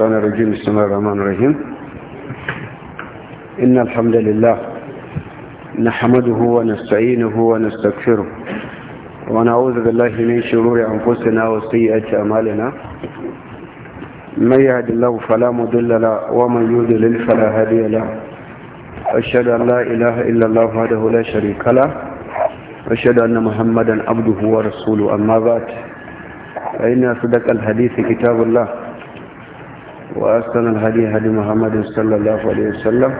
الشيطان الرجيم بسم الله الرحمن الرحيم إن الحمد لله نحمده ونستعينه ونستغفره ونعوذ بالله من شرور أنفسنا وسيئات أعمالنا من يهد الله فلا مضل له ومن يضلل فلا هادي له أشهد أن لا إله إلا الله وحده لا شريك له أشهد أن محمدا عبده ورسوله أما بعد فإن صدق الحديث كتاب الله وأحسن الهدي هدي محمد صلى الله عليه وسلم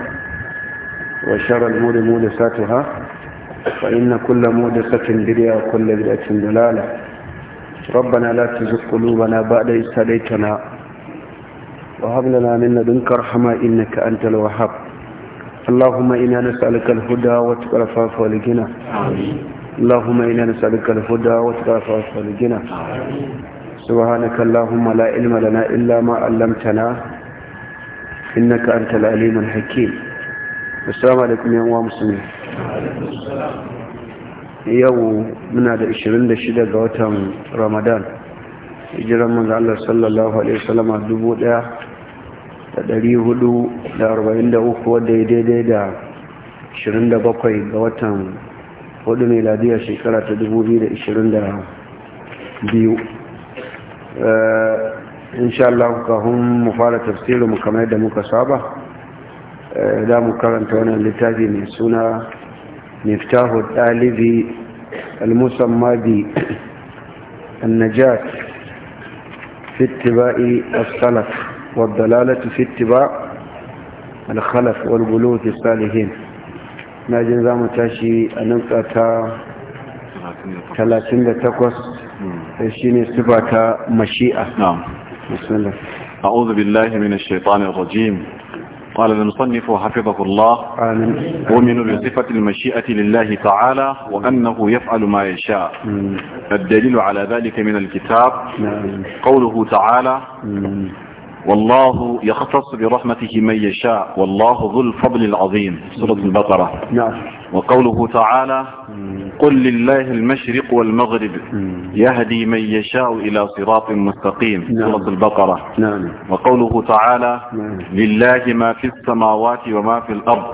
وشر الأمور محدثاتها فإن كل محدثة بدعة وكل بدعة ضلالة ربنا لا تزغ قلوبنا بعد إذ هديتنا وهب لنا من لدنك رحمة إنك أنت الوهاب اللهم إنا نسألك الهدى واتقى العفاف والغنى اللهم إنا نسألك الهدى واتقى العفاف والغنى سبحانك اللهم لا علم لنا إلا ما علمتنا إنك أنت العليم الحكيم السلام عليكم يا مسلمين yau muna da 26 ga watan ramadan hijiran manzo Allah sallallahu alaihi wasallama 1443 wanda ya daidai da 27 ga watan hudu mai ladiya shekara ta 2022 Eh, insha Allah ka hun mu fara tafsirin mu kamar yadda muka saba da eh, mu karanta wannan littafi mai suna miftahu dalibi al-musamma bi an-najat fi ittiba'i as-salaf wa ad-dalalati fi ittiba' al-khalaf wal bulut as-salihin na jin zamu tashi a nan ta 38 سبك مشيئة نعم بسم الله أعوذ بالله من الشيطان الرجيم قال المصنف حفظه الله آمين ومن بصفة المشيئة لله تعالى وأنه يفعل ما يشاء مم. الدليل على ذلك من الكتاب مم. قوله تعالى مم. والله يختص برحمته من يشاء والله ذو الفضل العظيم سورة البقرة نعم وقوله تعالى قل لله المشرق والمغرب يهدي من يشاء إلى صراط مستقيم نعم. سورة البقرة نعم. وقوله تعالى نعم. لله ما في السماوات وما في الأرض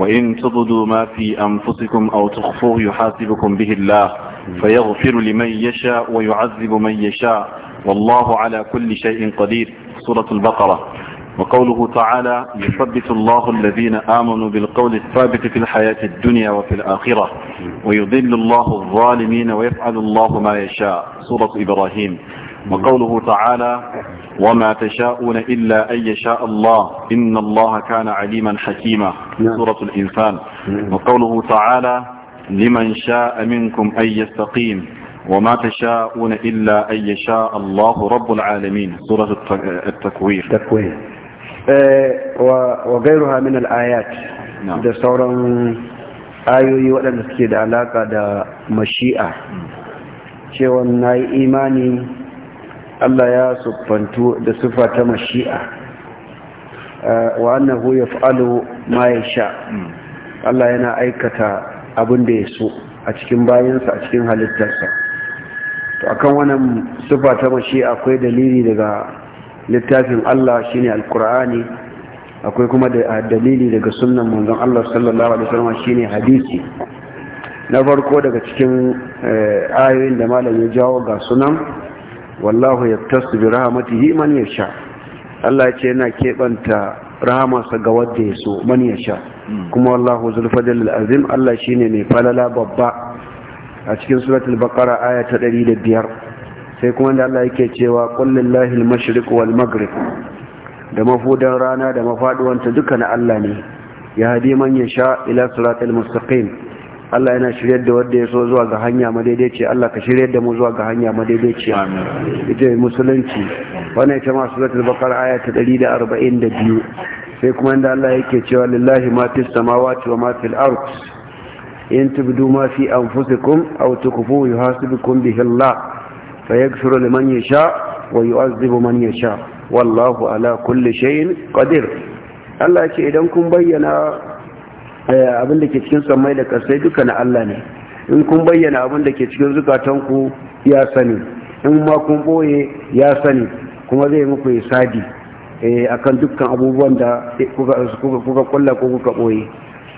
وإن تبدوا ما في أنفسكم أو تخفوه يحاسبكم به الله فيغفر لمن يشاء ويعذب من يشاء والله على كل شيء قدير سورة البقرة وقوله تعالى يثبت الله الذين آمنوا بالقول الثابت في الحياة الدنيا وفي الآخرة ويضل الله الظالمين ويفعل الله ما يشاء سورة إبراهيم وقوله تعالى وما تشاءون إلا أن يشاء الله إن الله كان عليما حكيما نعم. سورة الإنسان نعم. وقوله تعالى لمن شاء منكم أن يستقيم وما تشاءون إلا أن يشاء الله رب العالمين سورة التكوير Eh, wa gairu min ayat da sauran ayoyi waɗanda suke da alaƙa da mashi'a cewa na yi imani Allah ya siffantu da siffa ta mashi'a eh, wa annahu fa’alu ma ya sha. Hmm. Allah yana aikata abin da ya so a cikin bayansa a cikin halittarsa to akan wannan siffa ta mashi'a akwai dalili daga littafin Allah shine alƙur'ani akwai kuma da dalili daga sunnan manzon Allah sallallahu alaihi wasallam shine hadisi na farko daga cikin eh, ayoyin da malam ya jawo ga sunan wallahu yattasu bi rahmatihi man yasha Allah ce yana keɓanta rahamarsa ga wanda ya so man yasha hmm. kuma wallahu zulfadil azim Allah shine mai falala babba a cikin suratul baqara aya ta 105 sai kuma da Allah yake cewa kullillahi al-mashriq wal maghrib da mafudan rana da mafaduwanta duka na Allah ne ya hadi man yasha ila siratal mustaqim Allah yana shiryar da wanda ya so zuwa ga hanya madaidaici Allah ka shiryar da mu zuwa ga hanya madaidaici ita musulunci wannan ita ma suratul baqara aya ta 142 sai kuma inda Allah yake cewa lillahi ma fis samawati wa ma fil ard in tubdu ma fi anfusikum aw tukfu yuhasibukum bihi Allah فيغفر لمن يشاء ويعذب من يشاء والله على كل شيء قدير الله Allah ce idan kun bayyana abin da ke cikin da kasai duka na Allah ne in kun bayyana abin da ke cikin ku ya sani in ma kun boye ya sani kuma zai muku isadi akan dukkan abubuwan da kuka kulla ko kuka boye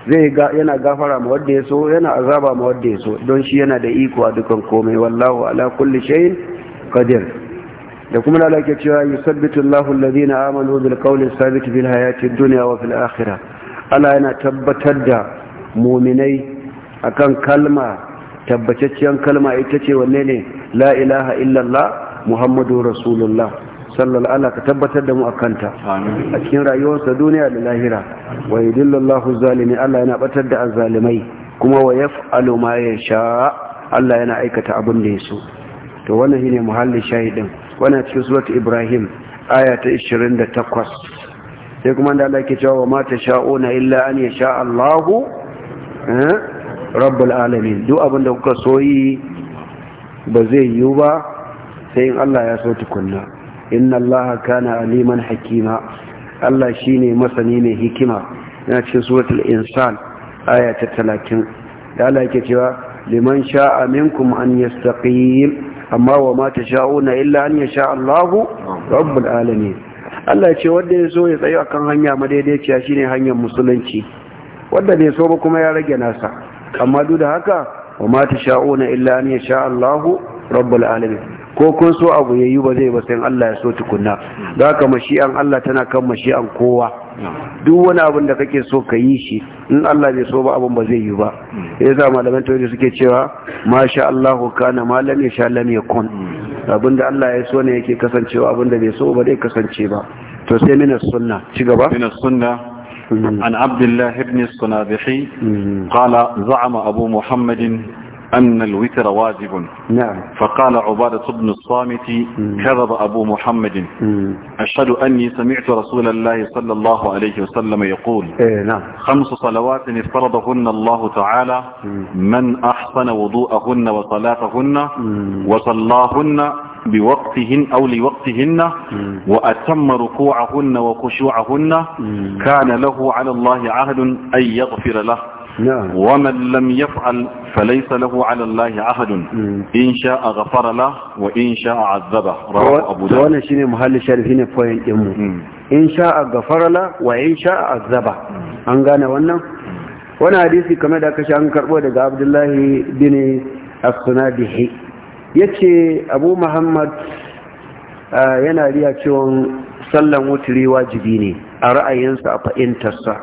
zai yana gafara ma wadda ya so yana azaba ma wadda ya so don shi yana da iko a dukan komai wallahu ala kulli shay'in qadir da kuma Allah ke cewa yusabbitu Allahu alladhina amanu bil qawli sabit bil hayati dunya wa fil akhirah Allah yana tabbatar da mu'minai akan kalma tabbatacciyar kalma ita ce wanne ne la ilaha illallah muhammadu rasulullah sallar Allah ka tabbatar da mu a kanta a cikin rayuwarsa duniya da lahira wa yudillallahu zalimi Allah yana batar da azalimai, kuma wa yaf'alu ya yasha Allah yana aikata abin da yaso to wannan shine muhallin shahidin wannan cikin suratul Ibrahim aya ta 28 sai kuma da Allah ke cewa wa ma tasha'una illa an yasha Allahu eh rabbul alamin duk abin da kuka soyi ba zai yiwu ba sai in Allah ya so tukunna inna allaha kana aliman hakima Allah shine masani mai hikima yana cikin suratul insan aya ta da Allah yake cewa liman sha'a minkum an yastaqim amma wa ma tasha'una illa an yasha Allahu rabbul alamin Allah ce wanda ya so ya tsaye akan hanya madaidaiciya shine hanyar musulunci wanda bai so ba kuma ya rage nasa amma duk da haka wa ma tasha'una illa an yasha Allahu rabbul alamin ko kun so abu ya yi ba zai ba sai Allah ya so tukunna za ka mashi'an Allah tana kan mashi'an kowa duk wani abin da kake so ka yi shi in Allah bai so ba abin ba zai yi ba ya za malaman tawhidi suke cewa masha Allah kana malam ya sha lam kun. abin da Allah ya so ne yake kasancewa abin da bai so ba zai kasance ba to sai minas sunna ci gaba minas sunna عن عبد الله بن الصنابحي قال abu muhammadin. أن الوتر واجب نعم فقال عبادة بن الصامت كذب أبو محمد أشهد أني سمعت رسول الله صلى الله عليه وسلم يقول إيه نعم خمس صلوات افترضهن الله تعالى من أحسن وضوءهن وصلاتهن وصلاهن بوقتهن أو لوقتهن وأتم ركوعهن وخشوعهن كان له على الله عهد أن يغفر له ومن لم يفعل فليس له على الله عهد ان شاء غفر له وان شاء عذبه رواه ابو داود وانا شيني محل الشارفين فوين إمو ان شاء غفر له وان شاء عذبه ان أنغانا wannan وانا حديثي كما دا كشان كربو دا عبد الله بن الصنادحي yace abu muhammad yana riya cewa sallan wuturi wajibi ne a ra'ayinsa a fa'intarsa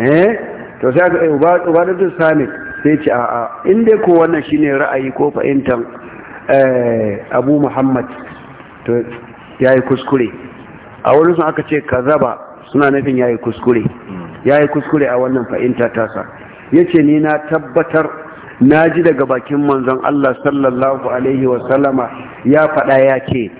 eh to sai ga ubadatu samit sai ce a'a in dai ko wannan shine ra'ayi ko fahimtar eh, abu muhammad to yayi kuskure a wurin sun aka ce kazaba suna nufin yayi kuskure yayi kuskure a wannan fahimta tasa yace ni na tabbatar na ji daga bakin manzon Allah sallallahu alaihi wa sallama ya faɗa ya ce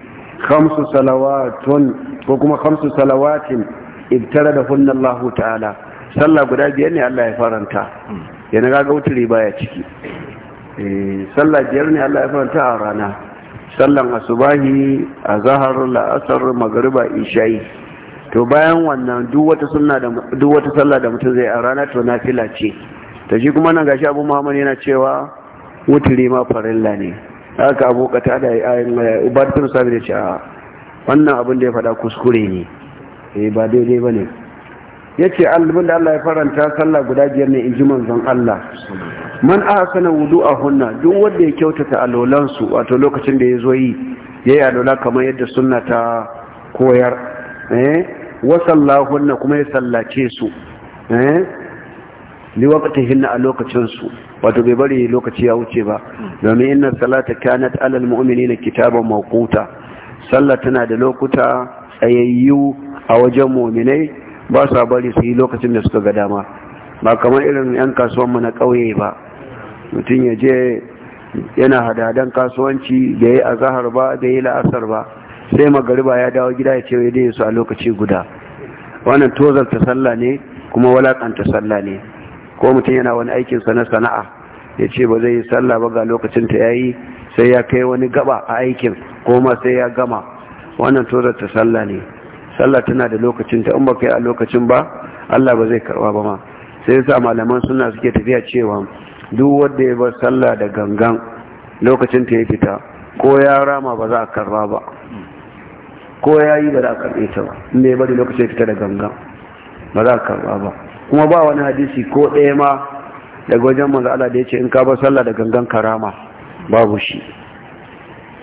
khamsu salawatun ko kuma khamsu salawatin ibtara da hunna Allah ta'ala sallah guda biyar ne Allah ya faranta yana gaga riba ya ciki eh, sallah biyar ne Allah ya faranta a rana sallan asubahi a zahar la'asar magariba ishayi to bayan wannan duk wata da sallah da mutum zai a rana to na fila ce ta shi kuma nan gashi Abu Muhammad yana cewa wuturi ma farilla ne haka Abu Qatada da Ubayd bin Sabir ya ce wannan abin da ya faɗa kuskure ne eh, ba daidai ya ce albin da Allah ya faranta sallah guda biyar ne in ji manzon Allah man a hunna duk wanda ya kyautata alolansu wato lokacin da ya zo yi yayi alola kamar yadda sunna ta koyar eh wa hunna kuma ya sallace su eh wakati hinna a lokacin su wato bai bari lokaci ya wuce ba domin inna salata kanat alal na kitaban mawquta sallah tana da lokuta tsayayyu a wajen mu'minai ba sa bari su yi lokacin da suka ga dama ba kamar irin 'yan kasuwanmu na ƙauye ba mutum ya je yana hadadan kasuwanci da ya a zahar ba da ya la'asar ba sai magariba ya dawo gida ya ce ya dai su a lokaci guda wannan tozar ta sallah ne kuma walakanta sallah ne ko mutum yana wani aikin sana sana'a ya ce ba zai yi sallah ba ga lokacin ta yayi sai ya kai wani gaba a aikin ko ma sai ya gama wannan tozar ta sallah ne sallah tana da lokacin ta in baka a lokacin ba Allah ba zai karwa ba ma sai yasa malaman suna suke tafiya cewa duk wanda ya bar sallah da gangan lokacin ta ya fita ko ya rama ba za a karwa ba ko ya yi ba za a karbe ta ba in bai bari lokacin ya fita da gangan ba za a karwa ba kuma ba wani hadisi ko ɗaya ma daga wajen manzo Allah da ce in ka bar sallah da gangan karama babu shi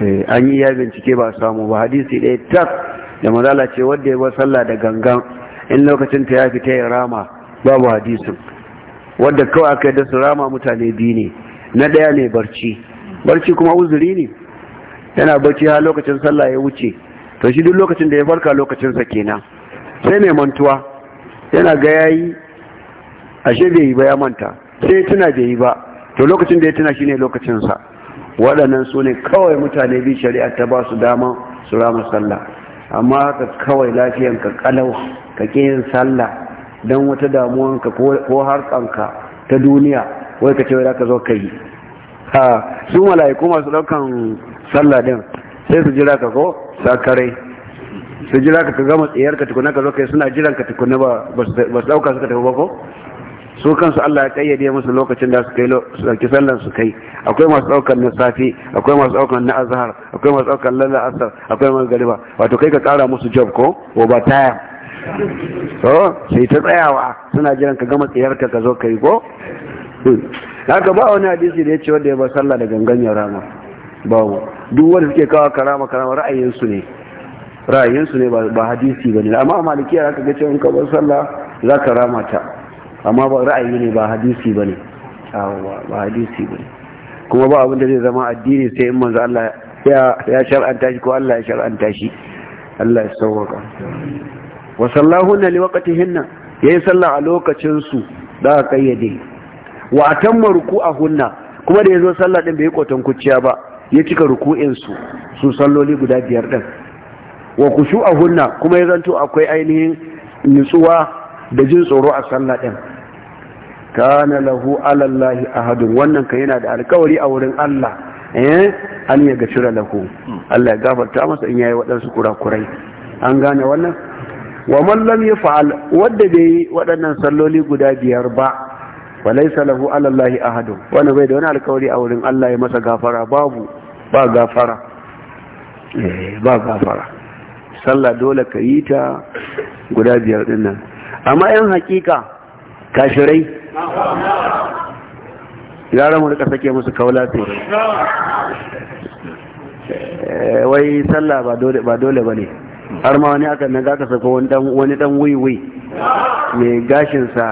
eh, an yi ya bincike ba samu ba hadisi ɗaya tak da mazala ce wanda ya bar sallah da gangan in lokacin ta ya fita ya rama babu hadisin wanda kawai aka yadda su rama mutane biyu ne na ɗaya ne barci barci kuma uzuri ne yana barci har lokacin sallah ya wuce to shi duk lokacin da ya farka lokacin sa kenan sai mai mantuwa yana ga yayi ashe bai yi ba ya manta sai tuna bai yi ba to lokacin da ya tuna shine lokacin sa waɗannan su ne kawai mutane bi shari'ar ta ba su dama su rama sallah amma haka kawai lafiyanka kalau ka ke yin sallah don wata damuwanka ko harkanka ta duniya wai ka ce wai ka zo ka yi a su mala'iku masu daukan sallah din sai su jira ka ko sakare su jira ka ka gama tsayar ka tukuna ka zo ka yi suna jiran ka tukuna ba su dauka suka tafi ba ko su kansu Allah ya kayyade musu lokacin da su kai dauki sallan su kai akwai masu daukar na safi akwai masu daukar na azhar akwai masu daukar lalla asar akwai masu gariba wato kai ka kara musu job ko over time so sai ta tsayawa suna jiran ka gama tsayarka ka zo kai ko hmm. haka ba wani hadisi da ya ce wanda ya bar sallah da gangan ya rama mu duk wanda suke kawo karama karama ra'ayinsu ne su ne ba hadisi ba ne amma malikiya zaka ga cewa in ka bar sallah za ka rama ta amma ba ra'ayi ne ba hadisi bane ba hadisi bane kuma ba abin da zai zama addini sai in manzo Allah ya shar'anta shi ko Allah ya shar'anta shi Allah ya sauwaka wa na li waqtihinna yayi sallah a lokacin su da ka kayyade wa atamma ruku'ahunna kuma da yazo sallah din bai kotan kuciya ba ya cika ruku'in su su salloli guda biyar din wa kushu'ahunna kuma ya zanto akwai ainihin nutsuwa da jin tsoro a sallah din kana lahu alallahi ahadun wannan ka yana da alkawari a wurin Allah eh an ya gashira lahu Allah ya gafarta masa in yayi waɗansu kurakurai an gane wannan wa man lam yaf'al wadda bai waɗannan salloli guda biyar ba wa laysa lahu alallahi ahadun wannan bai da wani alkawari a wurin Allah ya masa gafara babu ba gafara eh, ba gafara sallah dole ka yi ta guda biyar dinnan amma yan hakika kashirai gara mu rika sake musu kaula sai eh, wai sallah ba dole ba ne bane har ma wani aka na zaka sako wani dan wuiwui mai gashin sa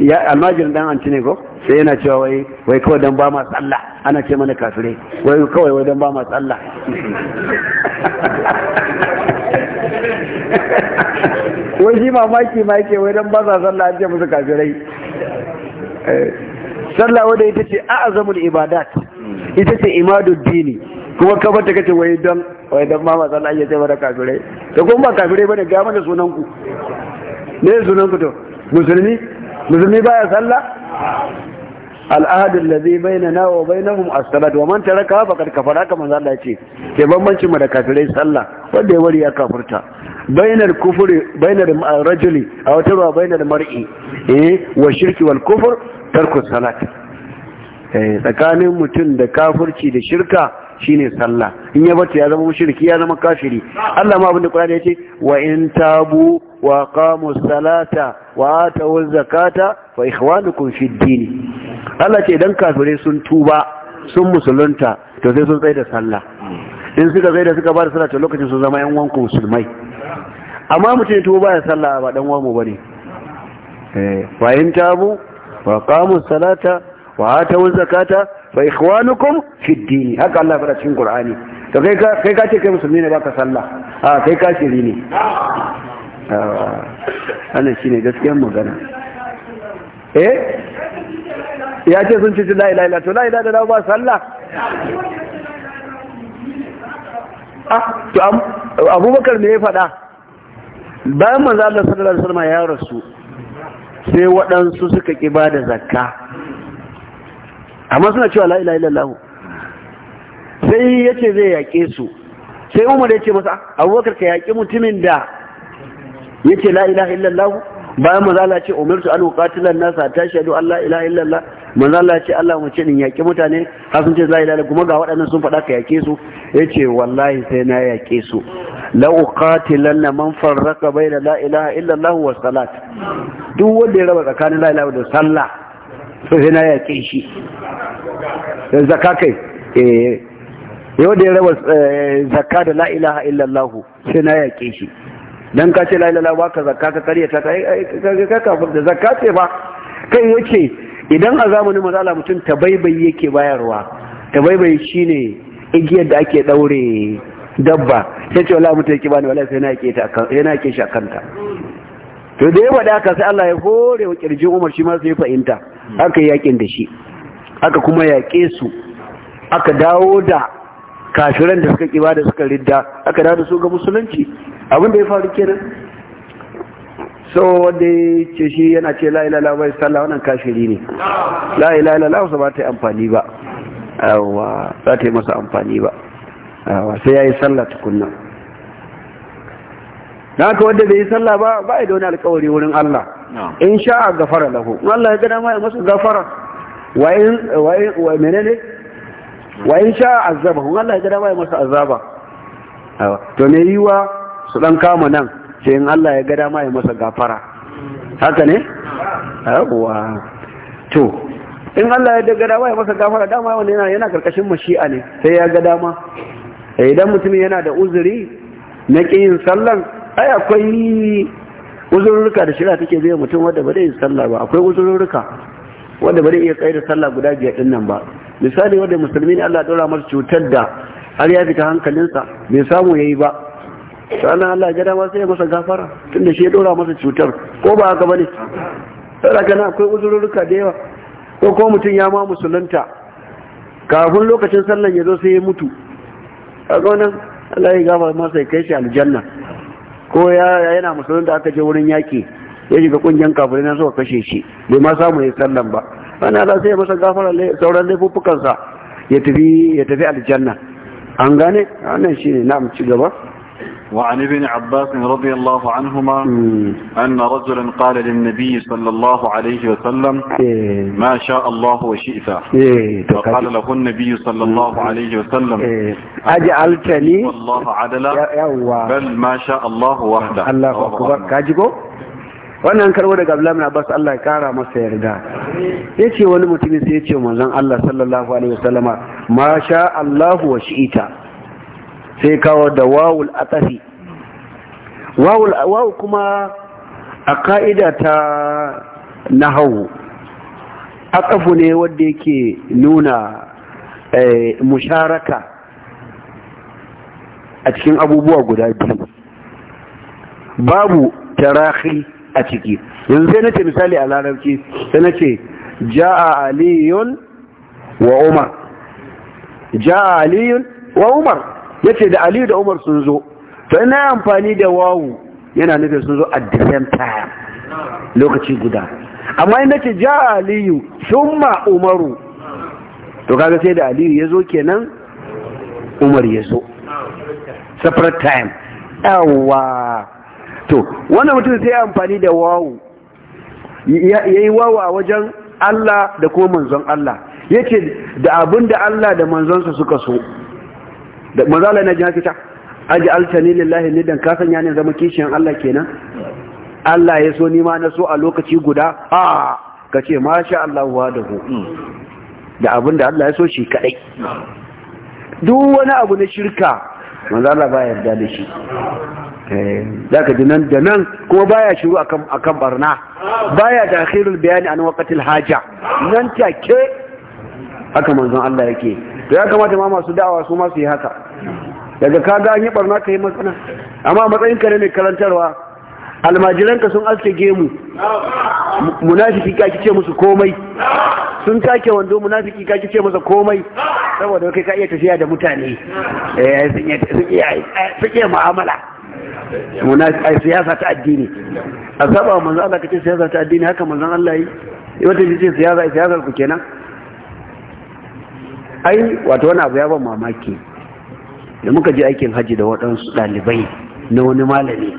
ya almajirin dan an ne ko sai yana cewa wai wai kawai dan ba ma tsalla ana ce mana kafire wai kawai wai dan ba ma tsalla wai shi mamaki ma yake wai dan baza sallah an ce musu kafirai eh, sallah wadda ita ce a a'azamul ibadat ita ce imadud dini kuma kamar ta kace wai dan wai dan mama sallah ya ce mata kafirai to kuma ba kafirai bane ga mana sunan ku ne sunan ku to musulmi musulmi baya sallah al'ahadu na nawa wa na as-salat wa man taraka faqad kafara kamar Allah ce ke bambancin mu da kafirai sallah wanda ya wari ya kafurta. bainar kufuri, bainar rajuli a wata ruwa bainar mar'i eh wa shirki wal kufur tarku salat eh tsakanin mutum da kafurci da shirka shine sallah in ya bata ya zama mushriki ya zama kafiri Allah ma abinda Qur'ani ya ce wa in tabu wa qamu salata wa atu zakata fa ikhwanukum fid din Allah ce idan kafirai sun tuba sun musulunta to sai sun tsaye da sallah in suka tsaye da suka ba da sallah to lokacin sun zama yan wanku musulmai amma mutum tuba ba ya sallah ba dan wamu bane eh fa in tabu wa qamu salata wa atu zakata fa ikhwanukum fi dini haka Allah fara cikin Qur'ani to kai ka kai ka ce kai musulmi ne baka sallah a kai ka ce ne ah ana shine gaskiyar magana eh ya ce sun ce la ilaha to la ilaha illallah ba sallah ah to abubakar me ya faɗa bayan manzo Allah sallallahu alaihi wasallam ya rasu sai waɗansu suka ƙi ba da zakka amma suna cewa la ilaha illallah sai yace zai yaƙe su sai Umar ya ce masa abubakar ka yaƙi mutumin da yace la ilaha illallah bayan manzo Allah ya ce umirtu an uqatila an-nasa ta shahadu an la ilaha illallah manzo Allah ya ce Allah mu ce din yaki mutane har sun ce la ilaha kuma ga waɗannan sun faɗa ka yaƙe su yace wallahi sai na yaƙe su la uqatilanna man farraqa baina la ilaha illa Allah wa salat duk wanda ya raba tsakanin la ilaha da sallah sai na yaƙe shi zakka kai eh yau da ya raba eh, zakka da la ilaha illa Allah sai na yaƙe shi dan ka ce la ilaha ba ka zakka ka kariya ta kai ka da zakka ce ba kai yace idan a zamanin mazala mutum tabaibai yake bayarwa tabaibai ne igiyar da ake daure dabba sai ce wala mutum yake bani wala sai na shi a kanta to da ya faɗi aka sai Allah ya hore wa kirjin Umar shi ma sai ya fahimta aka yi yakin da shi aka kuma yaƙe su aka dawo da kafiran da suka kiba da suka ridda aka dawo da su ga musulunci abin da ya faru kenan so wanda ya ce shi yana ce la ilaha bai sallah wannan kashiri ne la ilaha illallah ba ta yi amfani ba yawa za ta yi masa amfani ba yawa sai yi sallah tukunna na ka wanda bai yi sallah ba ba yi da wani alkawari wurin Allah in sha'a gafara lahu in Allah ya gada mai masu gafara wa in wa menene wa in sha'a azaba in Allah ya gada mai masu azaba to yi wa su dan kama nan sai in Allah ya ga dama ya masa gafara haka ne yawa to in Allah ya ga dama ya masa gafara dama wanda yana yana karkashin mashi'a ne sai ya ga dama eh, idan mutum yana da uzuri na kiyin sallan ai akwai uzurruka da shirya take zai mutum wanda ba zai yi sallah ba akwai uzurruka wanda ba zai iya tsaye da sallah guda biyar din nan ba misali wanda musulmi ne Allah ya dora masa cutar da har ya fita hankalinsa bai samu yayi ba sannan Allah ya dama sai ya masa gafara tunda shi ya dora masa cutar ko ba haka bane sai kana akwai uzurruka da yawa ko ko mutum ya ma musulunta kafin lokacin sallan ya zo sai ya mutu kaga wannan Allah ya gafara masa ya kai shi aljanna ko ya yana musulunta aka je wurin yaki ya shiga kungiyar kafirai na suka kashe shi bai ma samu ya sallan ba ana Allah sai ya masa gafara sauran laifuffukansa ya tafi ya tafi aljanna an gane wannan shine na ci gaba وعن ابن عباس رضي الله عنهما أن رجلا قال للنبي صلى الله عليه وسلم ما شاء الله وشئت فقال له النبي صلى الله عليه وسلم أجعلتني والله عدلا بل ما شاء الله وحده الله أكبر كاجبو wannan karbo daga Abdullahi bin Abbas Allah ya kara masa yarda yace wani mutumin sai yace manzon Allah sallallahu alaihi wasallama ma sha Allahu wa shi'ita sai kawo da wawul atafi wawu kuma a ka'ida ta nahawu akafu ne wadda yake nuna eh, musharaka a cikin abubuwa guda biyu babu tarahi a ciki yanzu sai nace misali a larabci sai nace ja'a aliyun wa umar ja'a aliyun wa umar yace da aliyu da umar sun zo to ina amfani da wawu yana nufin sun zo at the same time lokaci guda amma in nace ja aliyu summa umaru to kaga sai da aliyu ya zo kenan umar ya zo separate time yawa to wannan mutum sai amfani da wawu yayi yi wawu a wajen Allah da kuma manzon Allah yace da abinda Allah da manzonsa suka so da manzala na jin hakita aji altani lillahi nidan kasan sanya ne zama kishiyan Allah kenan Allah ya so nima na so a lokaci guda a ka ce masha Allah wa da ku hmm. da abin da Allah ya so shi kadai duk wani abu na shirka manzala ba yarda da shi eh, za ka ji nan da nan kuma baya shiru akan barna baya da akhirul bayani an wakatil haja nan take haka manzon Allah yake to ya kamata ma masu da'awa su ma su yi haka daga kaga an yi barna ka yi matsana amma matsayin ka ne mai karantarwa almajiranka sun aske gemu munafiki ka kice musu komai sun take wando munafiki ka kice masa komai saboda kai ka iya tafiya da mutane eh sun iya sun iya mu'amala munafiki siyasa ta addini a saba manzon Allah kace siyasa ta addini haka manzo Allah yi wata ce siyasa siyasa ku kenan ai wato wani abu ya ban mamaki da muka je aikin hajji da waɗansu ɗalibai na wani malami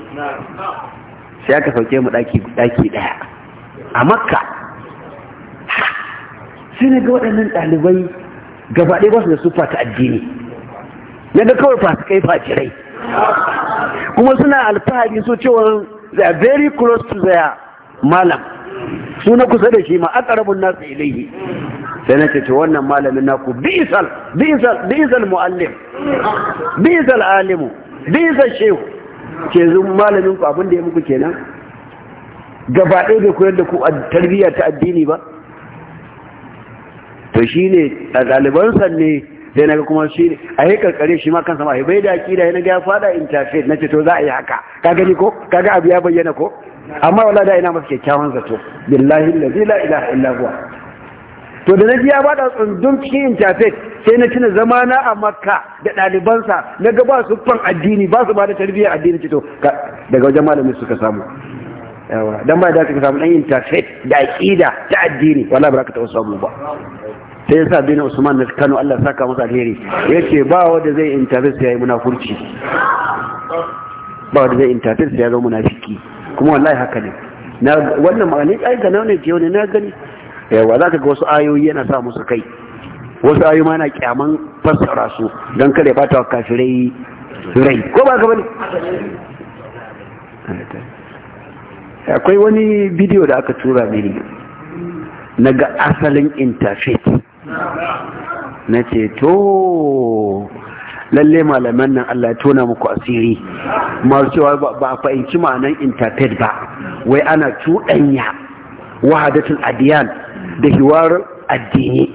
sai aka sauke mu ɗaki ɗaya a makka sai na ga waɗannan ɗalibai gabaɗe ba su da sufa ta addini na ga kawai kai facirai kuma suna alfahari so cewa they are very close to their malam suna kusa da shi ma aqrabun nasu ilayhi sai na ce wannan malamin naku bi'sal bi'sal bi'sal muallim bi'sal alimu bi'sal shehu ke zun malamin ku abinda ya muku kenan gaba ɗaya da koyar da ku a tarbiyya ta addini ba to shine a ɗalibansa ne sai naga kuma shi ne a yi karkare shi ma kansa ma bai da akida yana ga ya fada na ce to za a yi haka ka gani ko kaga abu ya bayyana ko amma wala da ina masa kyakkyawan zato billahi la illa huwa to da na biya da tsundun cikin intafet sai na tuna zamana a makka da ɗalibansa na ga ba su fan addini ba su ba da tarbiyyar addini cito daga wajen malami suka samu yawa dan ba da ka samu dan intafet da aqida ta addini wallahi ba ka taɓa samu ba sai yasa bin Usman na Kano Allah saka masa alheri yace ba wanda zai intafet sai yayi munafurci ba wanda zai intafet sai ya zama munafiki kuma wallahi haka ne na wannan ma'anin, ai ga nawa ne ke wani na gani yawa za ka ga wasu ayoyi yana sa musu kai wasu ayoyi ma na kyaman fassara su don kada ya bata wa kafirai rai ko ba ka bane akwai wani bidiyo da aka tura mini na ga asalin interfaith na ce to lalle malaman nan Allah ya tona muku asiri masu cewa ba a fahimci ma'anan interfaith ba wai ana cuɗanya wahadatul adiyan da hiwar addini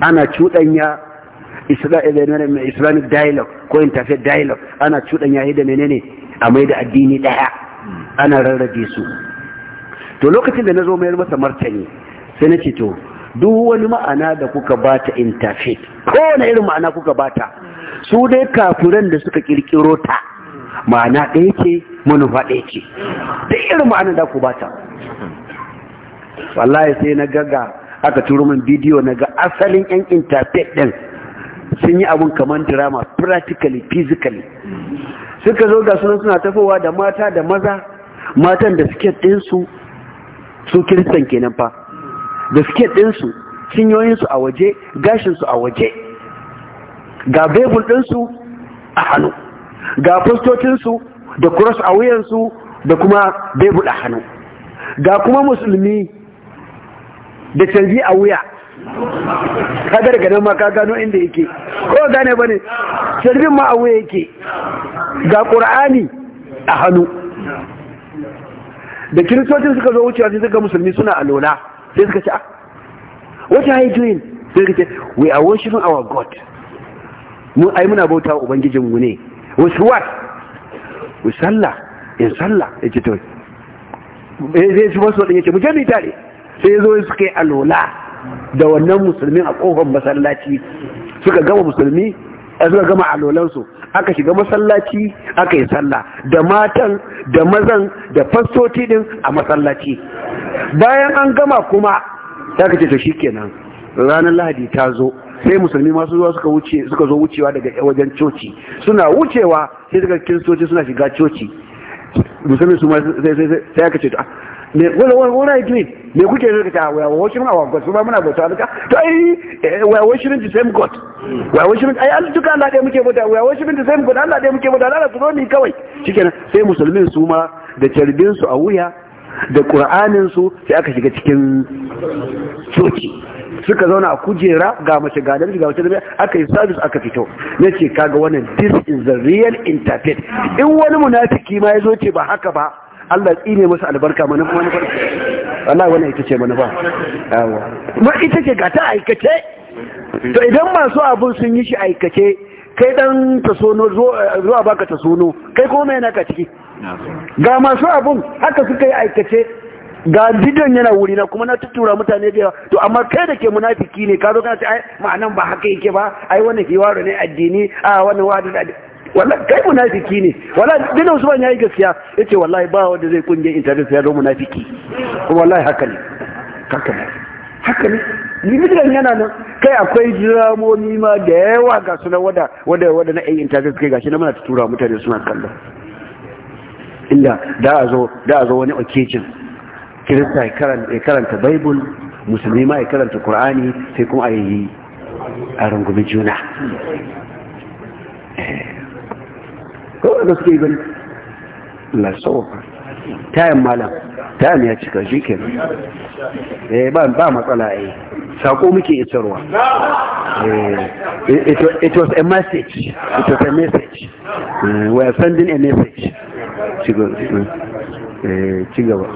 ana cuɗanya islamic dialogue ko interfaith dialogue ana cuɗanya da menene a mai da addini ɗaya ana rarrabe su to lokacin da na zo mayar masa martani sai na ce to duk wani ma'ana da kuka bata interfaith ko wani irin ma'ana kuka bata su dai kafuran da suka kirkiro ta ma'ana ɗaya ce manufa ɗaya ce da irin ma'ana da ku bata wallahi sai na gaga aka turo min bidiyo na ga asalin yan intafet din sun yi abun kamar drama practically physically suka zo ga sunan suna tafowa da mata da maza matan da suke ɗinsu su kiristan kenan fa da suke ɗinsu cinyoyinsu a waje gashinsu a waje ga bebul ɗinsu a hannu ga fustocinsu da cross a wuyansu da kuma bebul a hannu ga kuma musulmi da canji a wuya kadar ganin ma ka gano inda yake ko gane bane canjin ma a wuya yake ga ƙura'ani a hannu da kiristocin suka zo wucewa sai suka musulmi suna alola sai suka ce ah, what are you doing sai suka ce we are worshiping our god Mun ai muna bauta wa mu ne with what with sallah in sallah yake to eh zai shi wasu ya yake mu je mu tare sai zo suka yi alola da wannan musulmin a kofar masallaci suka gama musulmi eh, suka gama alolansu aka shiga masallaci aka yi sallah da matan da mazan da fastoti din a masallaci bayan an gama kuma ta kace ce to shikenan ranar lahadi ta zo sai musulmi masu zuwa suka wuce suka zo wucewa daga wajen coci suna wucewa sai daga kiristoci suna shiga coci musulmi su ma sai aka ce ah, me wala wala what I doing me kuke so ka ah, we are worshiping our god so ba muna bauta alka to ai eh, we are worshiping the same god we are worshiping ai Allah duka Allah dai muke bauta we are worshiping the same god Allah dai muke bauta Allah tsoro ni kawai shikenan sai musulmin su ma da carbin su a wuya da qur'anin su sai aka shiga cikin soki suka zauna a kujera ga mace ga namiji ga mace da aka yi service aka fito nace kaga wannan this is the real interpret in wani munafiki ma yazo ce ba haka ba Allah tsine musu albarka na farko Allah wani ita ce mana ba ma ita ce ga ta aikace to idan masu abun sun yi shi aikace kai dan ta sono zuwa baka ta sono kai kuma yana ka ciki ga masu abun haka suka yi aikace ga bidiyon yana wuri na kuma na tuttura mutane da yawa to amma kai da ke munafiki ne ka zo kana ce ai ma'anan ba haka yake ba ai wani ke ne addini a wani wadu da addini wallahi kai munafiki ne wallahi dinin Usman yayi gaskiya yace wallahi ba wanda zai kunje internet ya zo munafiki kuma wallahi haka ne haka ne haka ne ni bidiran yana nan kai akwai dramomi ma da yawa ga suna wada wada wada na internet kai gashi na muna tura mutane suna kallo inda da a zo da a zo wani occasion kirista ya karanta bible musulmi ma ya karanta qur'ani sai kuma a yi a rungumi juna eh. kawai da suke gani lasofa tayan malam tayan ya cika shi ke eh, ba ba matsala yi eh. sako muke isarwa eh, it was a message it was a message we are sending a message cigaba gaba.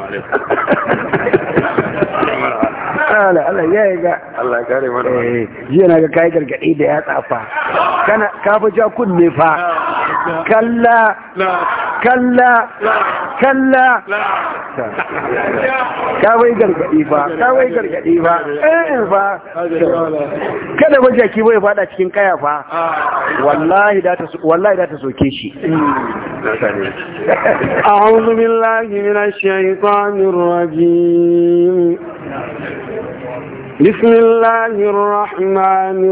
Allah ya yi ga Allah kare mana eh jiya na ga kayi gargadi da ya tsafa kana ka fa fa كلا كلا كلا kawai gargaɗi ba kawai gargaɗi ba ɗin ba kada wajen bai fada cikin kaya fa ah. wallahi da ta soke shi أعوذ بالله من الشيطان الرجيم بسم الله الرحمن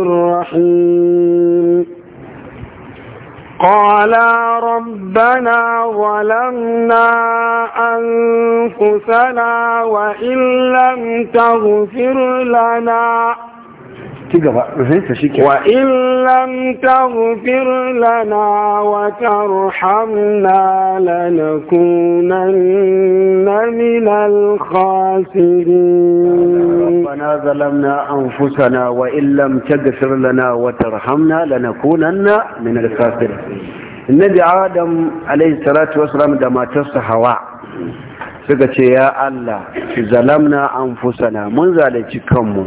قالا ربنا ظلمنا أنفسنا وإن لم تغفر لنا ci gaba rufinsa shi ke wa illam taghfir lana wa tarhamna lanakunanna min al-khasirin rabbana zalamna anfusana wa illam taghfir lana wa tarhamna lanakunanna min al-khasirin annabi adam alayhi salatu wasalam da matarsa hawa suka ce ya Allah zalamna anfusana mun zalunci kanmu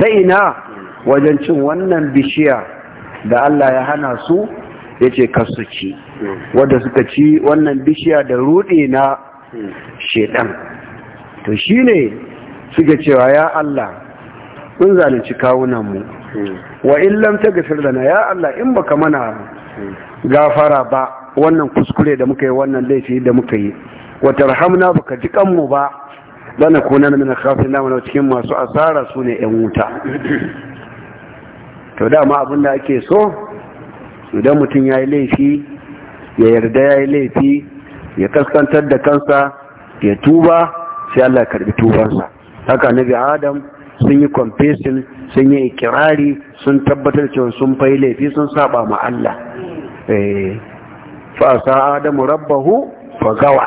ta ina wajen cin wannan bishiya da Allah ya hana su ya ce kasu ci wadda suka ci wannan bishiya da ruɗe na shedan to shi ne suka cewa ya Allah kun zalunci kawunanmu wa in lamta gafir ya Allah in baka mana gafara ba wannan kuskure da muka yi wannan laifi da muka yi wata rahamna baka ji kanmu ba lana kuna na mina kafin cikin masu asara su ne 'yan wuta to dama abin da ake so idan mutum ya yi laifi ya yarda ya yi laifi ya kaskantar da kansa ya tuba sai Allah ya karbi tubansa haka nabi adam sun yi confession sun yi ikirari sun tabbatar cewa sun fai laifi sun saba ma Allah eh, fa sa adamu rabbahu fa gawa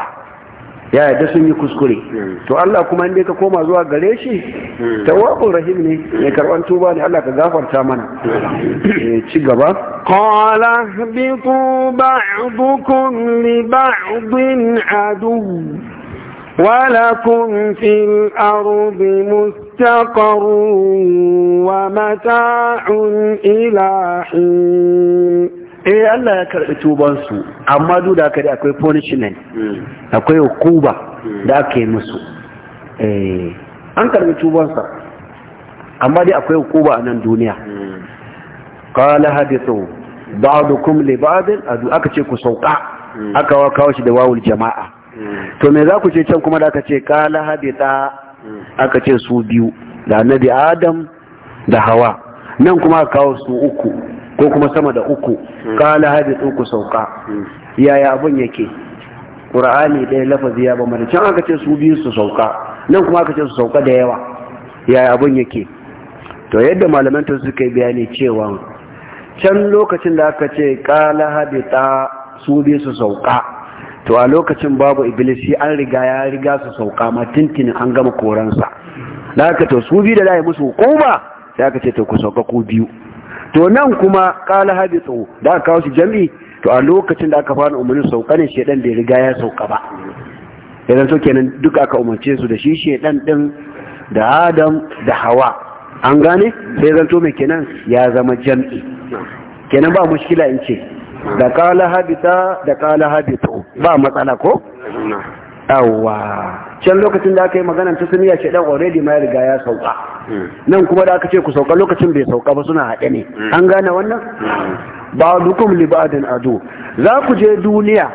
ya yadda sun yi kuskure hmm. to Allah kuma inda ka koma zuwa gare shi hmm. tawwabur rahim ne mai karban tuba ne Allah ka gafarta mana hmm. eh, ci gaba qala bitu ba'dukum li ba'din adu ولكم في الأرض مستقر wa إلى حين eh Allah ya karɓi tubansu amma duk da kai akwai punishment akwai hukuba da aka yi musu eh an karɓi tubansa amma dai akwai hukuba a nan duniya qala hadithu ba'dukum li ba'd adu aka ce ku sauka aka wa kawo shi da wawul jama'a to me za ku ce can kuma da aka ce qala hadita aka ce su biyu da annabi adam da hawa nan kuma aka kawo su uku ko kuma sama da uku kala hmm. hadi ku sauka hmm. yaya abun yake qur'ani dai lafazi ya mana can aka ce su biyu su sauka nan kuma aka ce su sauka da yawa yaya abun yake to yadda malaman ta suka yi bayani cewa can lokacin da aka ce kala hadi ta su biyu su sauka to a lokacin babu iblisi an riga ya riga su sauka ma tintinin an gama koransa da aka to su biyu da za a yi musu hukuma sai aka ce to ku sauka ku biyu to nan kuma haɗi habitu da aka kawo shi jami'i to a lokacin da aka fara umarnin sauƙa ne da ya riga ya sauka ba idan so kenan duk aka umarce su da shi shedan din da adam da hawa an gane sai to mai kenan ya zama jam'i kenan ba mushkila in ce da kala habita da kala habito ba matsala ko Awa. can lokacin da aka yi magana ta suniya shedan already ma ya riga ya sauka nan kuma da aka ce ku sauka lokacin bai sauka ba suna haɗe ne an gane wannan ba dukkan libadin ado za ku je duniya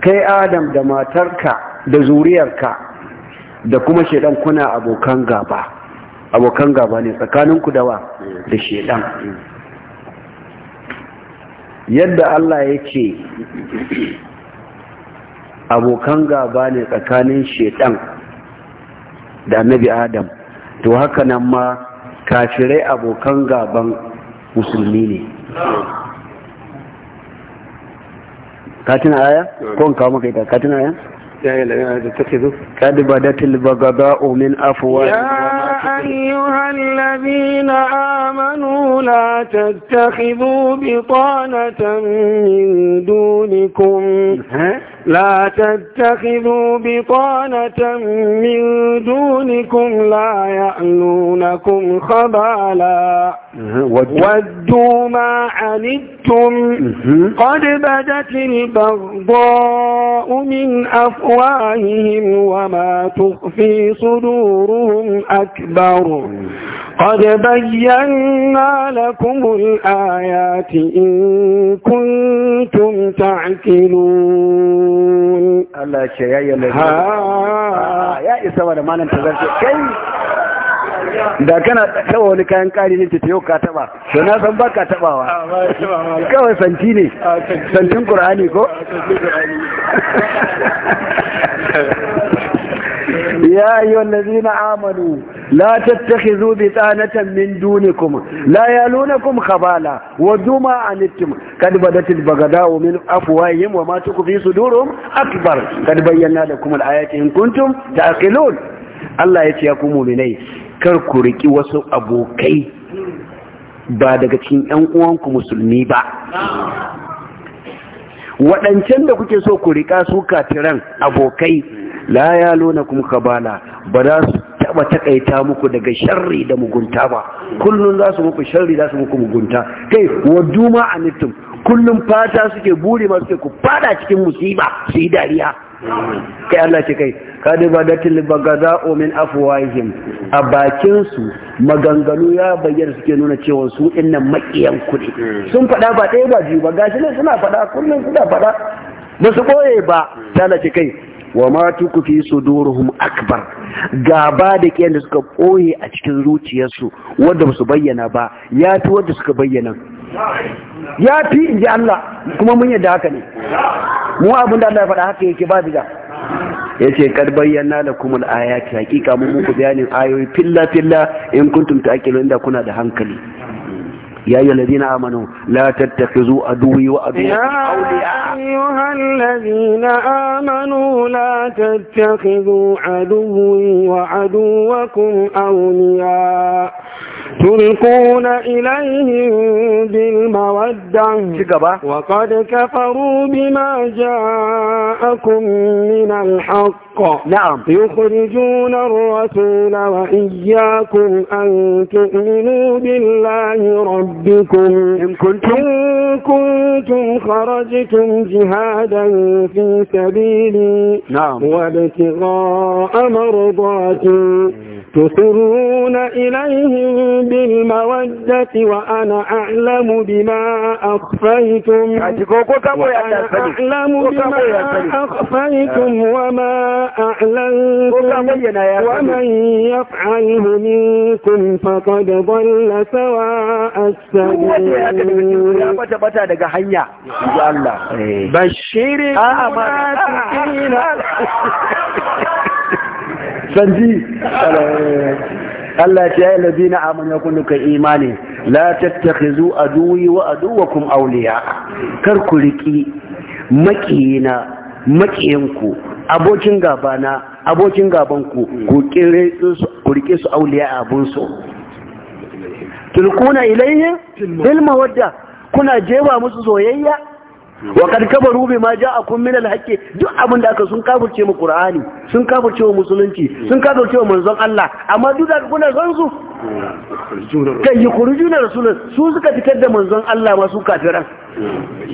kai adam da matarka da zuriyarka da kuma shedan kuna abokan gaba abokan gaba ne tsakaninku da wa da shedan yadda Allah ya ce abokan gaba ne tsakanin shedan da annabi adam to haka nan ma kafirai abokan gaban musulmi ne katina aya ko in kawo maka ita katina aya يا الذين تتخذوا قد بدت البغضاء من أفواههم يا أيها الذين آمنوا لا تتخذوا بطانة من دونكم لا تتخذوا بطانة من دونكم لا يعلونكم خبالا ودوا ما عنتم قد بدت البغضاء من أفواههم وما تخفي صدورهم أكبر قد بينا لكم الآيات إن كنتم تعقلون الله يا يا يا يا يا يا يا يا يا يا da kana taba wani kayan kari ne ta yau ka taba to na san baka tabawa kawai santi ne santin qur'ani ko يا أيها الذين آمنوا لا تتخذوا بطانة من دونكم لا يلونكم خبالا ودوما عنتم قد بدت البغداء من أفواههم وما تخفي صدورهم أكبر قد بينا لكم الآيات إن كنتم تعقلون الله يتيكم منيه kar ku riƙi wasu abokai ba daga cikin 'yan uwanku musulmi ba waɗancan da kuke so ku riƙa su katiran abokai la ya lona kuma kabala ba za su taɓa taƙaita muku daga sharri da mugunta ba kullum za su muku sharri za su muku mugunta kai waddu ma a kullum fata suke buri ma suke ku fada cikin musiba su yi dariya kai Allah ce kai kadi badatil bagada'u min afwahihim a bakinsu su maganganu ya bayyana suke nuna cewa su innan makiyan kudi sun faɗa ba ɗaya ba biyu ba gashi suna faɗa kullum suna faɗa ba su koye ba Allah ce kai wa ma fi suduruhum akbar gaba da kiyan da suka koye a cikin zuciyarsu wanda ba su bayyana ba ya fi wanda suka bayyana ya fi in ji Allah kuma mun yadda haka ne mu abin da Allah ya faɗa haka yake ba diga ya ce kar bayyana da kuma ayati hakika mun muku bayanin ayoyi filla filla in kuntum ake da kuna da hankali يا أيها الذين آمنوا لا تتخذوا عدوي وعدوكم أولياء يا أيها الذين آمنوا لا تتخذوا عدوي وعدوكم أولياء تلقون إليهم بالمودة وقد كفروا بما جاءكم من الحق نعم يخرجون الرسول وإياكم أن تؤمنوا بالله ربكم إن كنتم, إن كنتم خرجتم جهادا في سبيلي نعم وابتغاء مرضاتي تسرون إليهم بالمودة وأنا أعلم بما أخفيتم يعني وأنا أعلم بما أخفيتم آه. وما أعلنتم ومن يفعله منكم فقد ضل سواء السبيل بشر المنافقين آه، آه، sanji Allah ce ya yi amana amina kun ka imani la tattakhizu aduwi wa aduwakum awliya kar ku riki makiyina makiyanku abokin gabana abokin gabanku ku kire su ku rike su awliya abun su tulkuna ilayhi bil mawadda kuna jewa musu soyayya wa kad kabaru ma ja'akum min al-haqqi duk abin da aka sun kafirce mu Qur'ani sun kafirce mu musulunci sun kafirce mu manzon Allah amma duk da kuna son su kai yukhrijuna rasul su suka fitar da manzon Allah ma su kafiran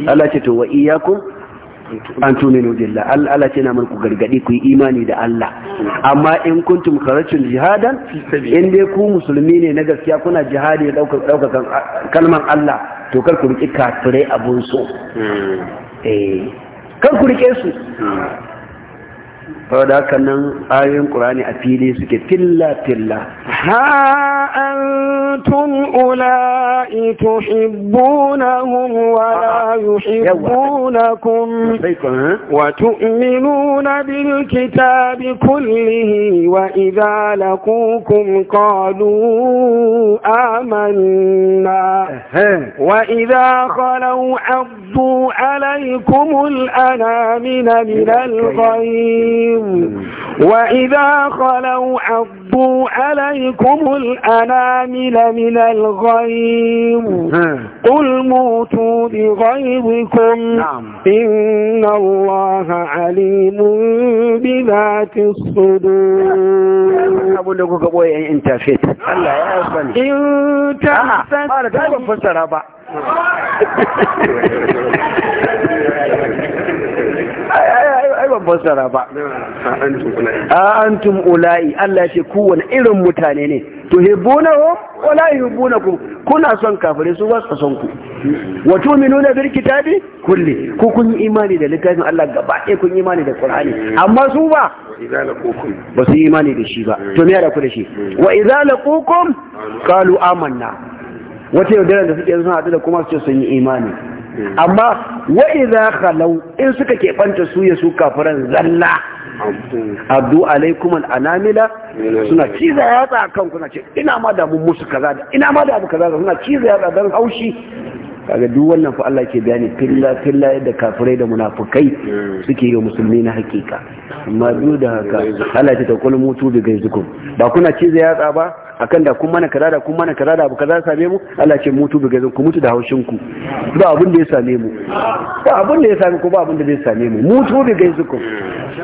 Allah ce to wa iyyakum an tuminu billah Allah ce na mun ku gargadi ku yi imani da Allah amma in kuntum kharajtum jihadan in dai ku musulmi ne na gaskiya kuna jihadi daukar daukar kalman Allah to kar ku riƙe kafirai abun so hmm. eh kar ku riƙe su hmm. saboda haka nan ayoyin ƙurani a fili suke filla-filla ha an tun ula'i wa la yuhibbunakum wa tu'minuna bil kitabi kullihi wa idza laqukum qalu amanna wa idza khalaw addu alaykum al-anamina min al-ghayr وإذا خلوا عضوا عليكم الأنامل من الغيظ قل موتوا بغيظكم نعم. إن الله عليم بذات الصدور abin لك kuka boye yan interfaith Allah ya sani interfaith ba da fassara ba a antum ula'i Allah ya ce kowane irin mutane ne to hibbuna hum wala Ku kuna son kafirai su ba su son ku wa nuna bir kitabi kulli ku kun yi imani da littafin Allah gaba ɗaya kun yi imani da Qur'ani amma su ba ba su yi imani da shi ba to me da ku da shi wa idza laqukum qalu amanna wata yaudara da suke sun haɗu da kuma su ce sun yi imani Hmm. amma wa'iza khalau in suka keɓanta su ya su kafiran zalla hmm. addu alaikum al'anamila hmm. suna ciza yatsa tsa kan kuna ce ina ma damu musu kaza da ina ma damu kaza da suna ciza yatsa don haushi kaga duk wannan fa Allah ke bayani filla filla yadda kafirai da munafukai suke yi musulmi na hakika amma duk da haka Allah ya ta kullu mutu bi gaizukum ba kuna ciza yatsa ba akan da kun mana kaza da kun mana kaza da abu kaza same mu Allah ce mutu bi gazin ku mutu da haushin ku ba abin da ya same mu ba abin da ya same ku ba abin da zai same mu mutu bi gazin ku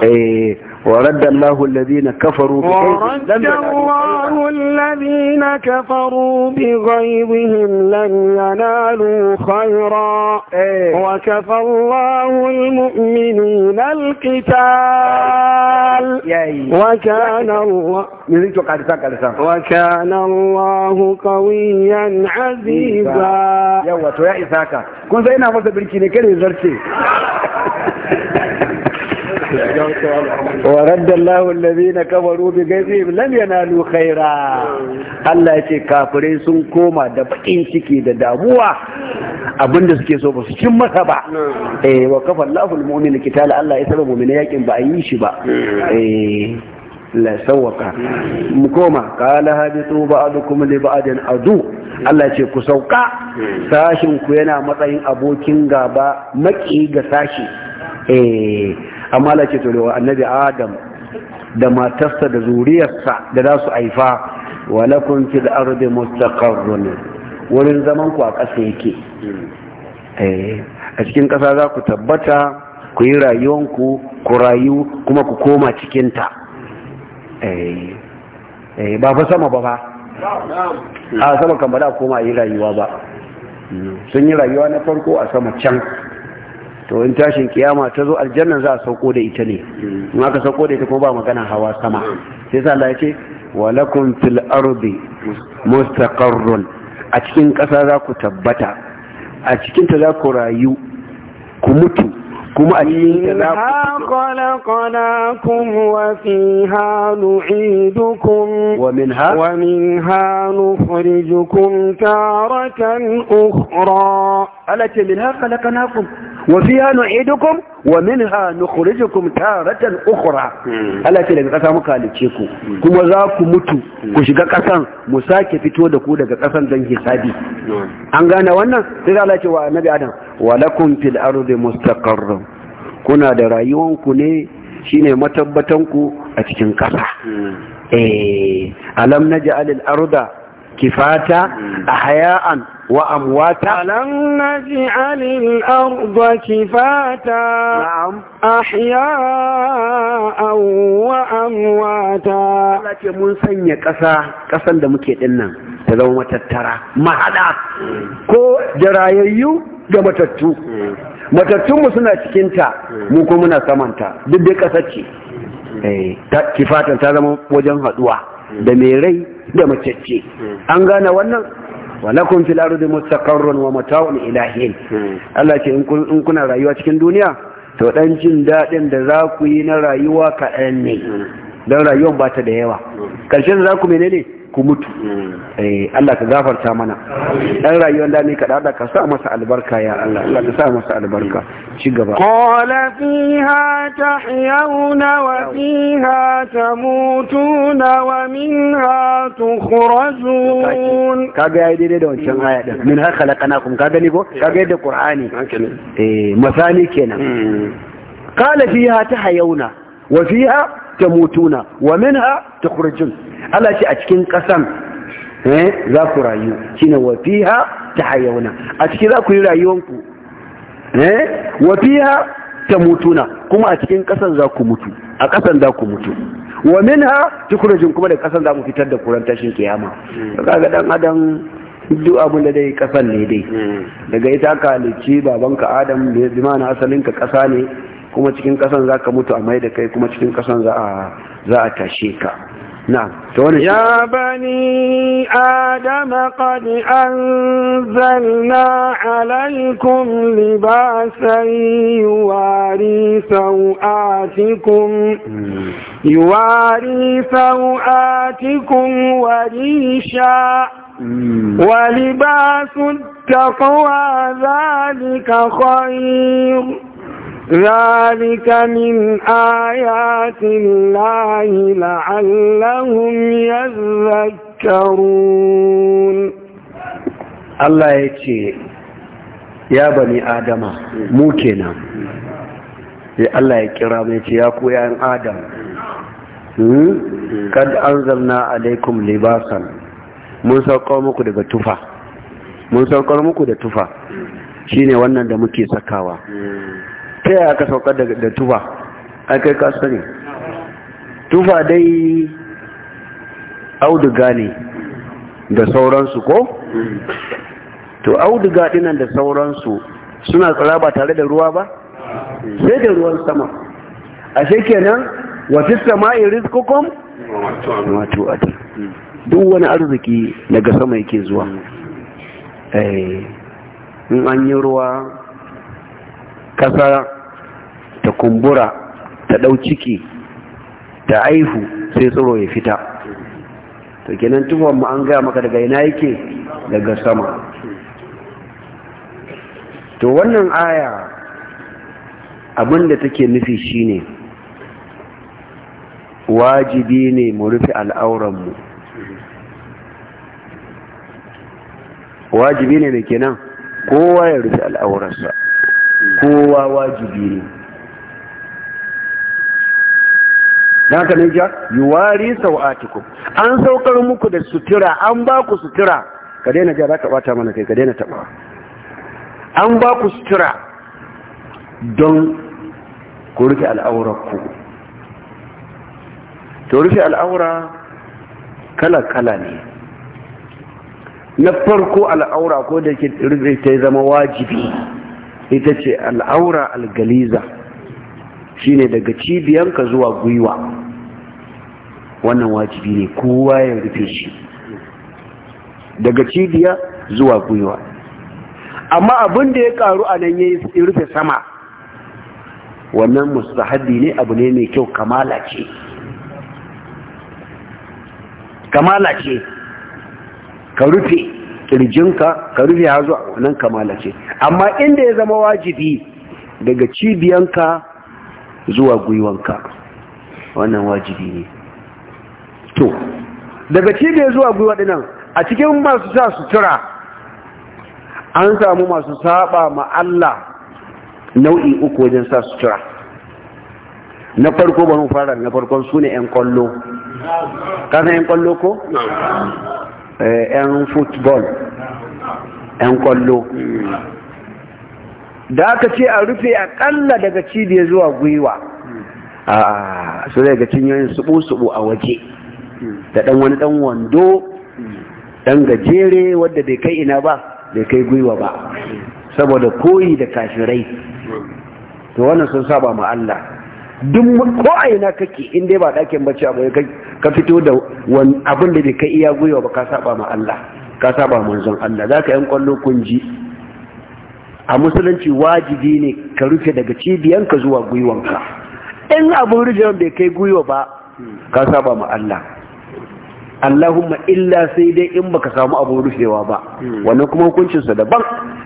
eh ورد الله الذين كفروا ورد الله الذين كفروا بغيظهم لن ينالوا خيرا ايه وكفى الله المؤمنين القتال ايه وكان الله وكان الله قويا عزيزا يا تو يا إساكا كن زينا مصدر بالكيني كده زرتي ورد الله الذين كفروا بغيظهم لم ينالوا خيرا Allah ya ce kafirai sun koma da bakin ciki da damuwa abinda suke so ba su cin masa ba eh wa kafa Allahul mu'mina kitala Allah ya saba mu'mina yakin ba a yi shi ba eh la sawaka mu koma qala habitu ba'dukum li ba'din adu Allah ce ku sauka sashin ku yana matsayin abokin gaba maki ga sashi eh amma la ke tolewa annabi adam da matarsa da zuriyarsa da za su haifa wa lakum fil ardi mustaqarrun wurin zaman ku a ƙasa yake eh, a cikin ƙasa za ku tabbata ku yi rayuwanku ku rayu kuma ku koma cikinta eh, eh, ba fa sama ba ba a sama kan ba da koma yi rayuwa ba hmm, sun yi rayuwa na farko a sama can to in tashin kiyama ta zo aljanna za a sauko da ita ne hmm. in aka sauko da ita ko ba magana hawa sama hmm. sai sa Allah ya ce wa lakum fil ardi mustaqarrun a cikin ƙasa za ku tabbata a cikin ta za ku rayu ku mutu kuma a cikin ta za ku khalaqnakum wa fiha nu'idukum wa minha wa minha nukhrijukum taratan ukhra ala ce minha khalaqnakum wa fiha nu'idukum wa minha nukhrijukum taratan ukhra Allah ce daga kasa muka halice ku kuma za ku mutu ku shiga ƙasan mu sake fito da ku daga kasan dan hisabi an gane wannan sai Allah ce wa annabi Adam wa lakum fil ardi mustaqarr kuna da rayuwarku ne shine matabbatan ku a cikin kasa eh alam naj'al al arda kifata ahya'an وأمواتا ألم نجعل الأرض كفاتا نعم أحياء وأمواتا لكن من سنة كسا كسا دمكي إنا تزوم تترى ما هذا كو جرايو دمتتو matattun mu suna cikinta mu kuma muna samanta duk dai kasar ce kifatan ta zama wajen haduwa da mai rai da macece an gane wannan walakun fil ardi mustaqarrun wa mata'un ilahin hmm. Allah ce in kuna rayuwa cikin duniya to dan jin dadin da za ku yi na rayuwa kaɗan ne hmm. dan rayuwar ba ta da yawa karshen hmm. za ku menene ku mutu eh, Allah ka gafarta mana dan rayuwar da ne ka dada ka sa masa albarka ya Allah Allah ka sa masa albarka ci gaba qala fiha tahyawna wa fiha tamutuna wa minha tukhrajun kaga yayi daidai da wancan aya din min ha khalaqnakum kaga ni ko kaga yadda qur'ani eh masani kenan hmm. qala fiha tahyawna wa fiha tamutuna wa minha tukhrajun Allah shi a cikin kasan eh za ku rayu shine wa fiha tahayuna a cikin za ku yi rayuwanku eh wa fiha tamutuna kuma a cikin kasan za ku mutu a kasan za ku mutu wa minha tukhrajun kuma da kasan za mu fitar da kuran tashin kiyama kaga dan adam duk abin da dai kasan ne dai hmm. daga ita ka halicci babanka adam bi mana asalinka kasa ne kuma cikin kasan za ka mutu a mai da kai kuma cikin kasan za a tashe ka ya bani adama kadi an zanna alaikun libasan yiwari sau'atikun hmm. yiwari sau'atikun wari sha hmm. wali basu takowa zalika kwayo ذلك من آيات الله لعلهم يذكرون الله يكي يا بني آدم موكنا الله يكرام يتشي يا كويا آدم قد أنزلنا عليكم لباسا mun saukar muku daga tufa mun saukar muku شيني tufa دمكي سكاوا ta yaya aka saukar da tufa a kai kasu ne tufa dai auduga ne da sauransu ko to auduga dinan da sauransu suna tsara ba tare da ruwa ba sai da ruwan sama ashe kenan wasu sama'i rizkukum wato adi duk wani arziki daga sama yake zuwa eh, in an yi ruwa kasa ta kumbura ta ɗau ciki ta aihu sai tsoro ya fita to kenan tufan mu an gaya maka daga ina yake daga sama to wannan aya abinda take nufi shine wajibi ne mu rufe al'auranmu wajibi ne da kenan kowa ya rufe al'aurarsa kowa wajibi ne na ka ne ja yi wari sau'atiku an saukar muku da sutura an ba ku sutura ka daina ja za ka bata mana kai ka daina taɓa an ba ku sutura don ku rufe al'aurarku to rufe al'aura kala-kala ne na farko al'aura ko da ke rufe ta zama wajibi ita ce al'aura algaliza shine daga cibiyanka zuwa gwiwa wannan wajibi ne kowa ya rufe shi daga cibiya zuwa gwiwa amma abin da ya karu a nan ya rufe sama wannan mustahadi ne abu ne mai kyau kamala ce kamala ce ka rufe kirjinka ka rufe hazo nan kamala ce amma inda ya zama wajibi daga cibiyanka zuwa gwiwanka wannan wajibi ne to daga cibiyar zuwa gwiwa dinan a cikin masu sa sutura an samu masu saba ma Allah nau'i uku wajen sa sutura na farko ba mu fara na farkon su ne 'yan kwallo ka san 'yan kwallo ko? 'yan eh, football 'yan kwallo da aka ce a rufe akalla daga cibiyar zuwa gwiwa a ah, su daga cinyoyin subu-subu a waje da ɗan wani ɗan wando ɗan gajere wadda bai kai ina ba bai kai gwiwa ba saboda koyi da kashirai to wannan sun saba ma Allah duk ko a ina kake in dai ba ɗakin bacci abu ka fito da abin da bai kai iya gwiwa ba ka saba ma Allah ka saba manzon Allah za ka yan kwallo kunji a musulunci wajibi ne ka rufe daga cibiyanka zuwa gwiwanka in abin rufewan bai kai gwiwa ba ka saba ma Allah Allahumma illa sai dai in baka samu abin rufewa ba hmm. wannan kuma hukuncinsa daban